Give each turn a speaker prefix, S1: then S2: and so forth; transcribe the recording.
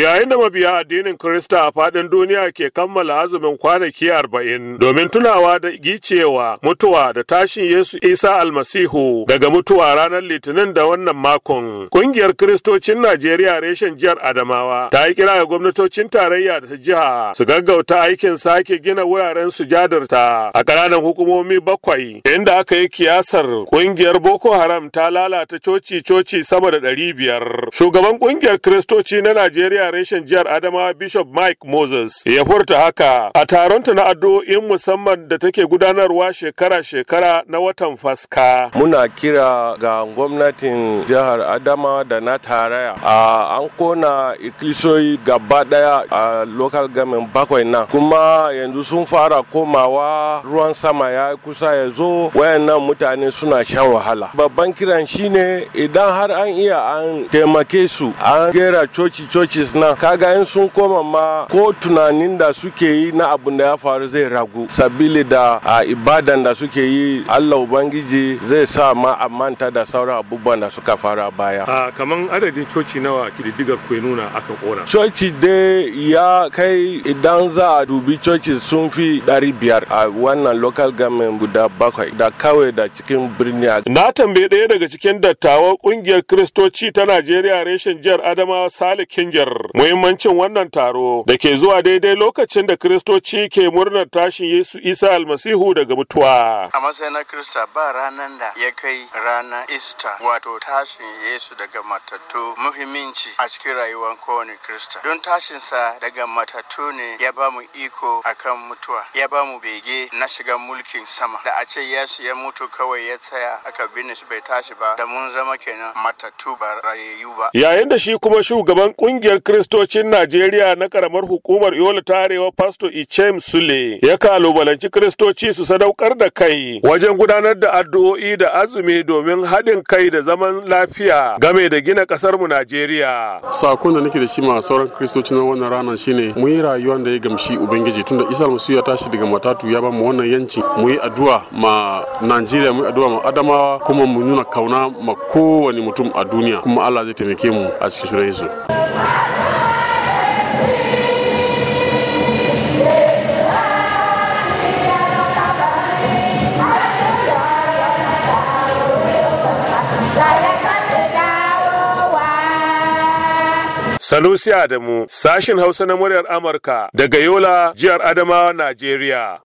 S1: Yayin da mabiya addinin krista a faɗin duniya ke kammala azumin kwanaki arba'in domin tunawa da gicewa mutuwa da tashin Yesu Isa almasihu daga mutuwa ranar Litinin da wannan makon. Kungiyar Kiristocin Najeriya reshen jihar Adamawa ta yi kira ga gwamnatocin tarayya da ta jiha su gaggauta aikin sake gina wuraren sujadarta a ƙananan hukumomi bakwai inda aka yi kiyasar kungiyar Boko Haram ta lalata coci-coci sama da ɗari biyar. Shugaban kungiyar Kiristoci na Najeriya Najeriya reshen jihar Adamawa Bishop Mike Moses ya furta haka a taronta na in musamman da take gudanarwa shekara-shekara na watan faska.
S2: Muna kira ga gwamnatin jihar Adamawa da na taraya a an kona ikilisoyi gaba daya a local government bakwai na kuma yanzu sun fara komawa ruwan sama ya kusa ya zo wayannan mutane suna shan wahala. Babban kiran shine idan har an iya an taimake su an gera coci coci nan na kaga in sun koma ma ko tunanin da suke yi na abun da ya faru zai ragu sabili da a ibadan da suke yi allah ubangiji zai sa ma a manta da sauran abubuwan da suka faru a baya
S1: a kaman adadin coci nawa kididdigar ku nuna aka kona
S2: coci dai ya kai idan za a dubi coci sun fi ɗari biyar. a wannan local government guda bakwai da kawai da cikin birni na tambaye ɗaya daga
S1: cikin dattawan ƙungiyar kiristoci ta najeriya reshen jihar adamawa sale kinjar Muhimmancin wannan taro da ke zuwa daidai lokacin da Kiristoci ke murnar tashin Yesu Isa almasihu daga mutuwa. A
S3: matsayin na Kirista ba ranar da ya kai ranar ista. wato tashin Yesu daga matattu muhimmanci a cikin rayuwar kowane Kirista. Don tashinsa daga matattu ne ya ba mu iko akan mutuwa, ya ba mu bege na shiga mulkin sama. Da a ce Yesu ya mutu kawai ya tsaya aka binne bai tashi ba da mun zama kenan matattu ba rayayyu ba. Yayin
S1: da shi kuma shugaban kungiyar Kiristocin Najeriya na karamar hukumar Yola ta Arewa Pasto Ichem Sule ya kalubalanci
S3: Kiristoci
S1: su sadaukar da kai wajen gudanar da addu'o'i da azumi domin haɗin kai da zaman lafiya game da gina ƙasar mu Najeriya.
S3: Sakon da nake da shi ma sauran Kiristoci na wannan ranar shine mu yi rayuwar da ya gamshi Ubangiji tunda Isa Almasihu ya tashi daga matatu ya ba mu wannan yanci mu yi addu'a ma Najeriya mu yi addu'a ma Adamawa kuma mu nuna kauna ma kowane mutum a duniya kuma Allah zai taimake mu a cikin sunan Yesu.
S1: Salusi Adamu, sashin Hausa na muryar Amurka daga Yola, jihar Adamawa, Najeriya.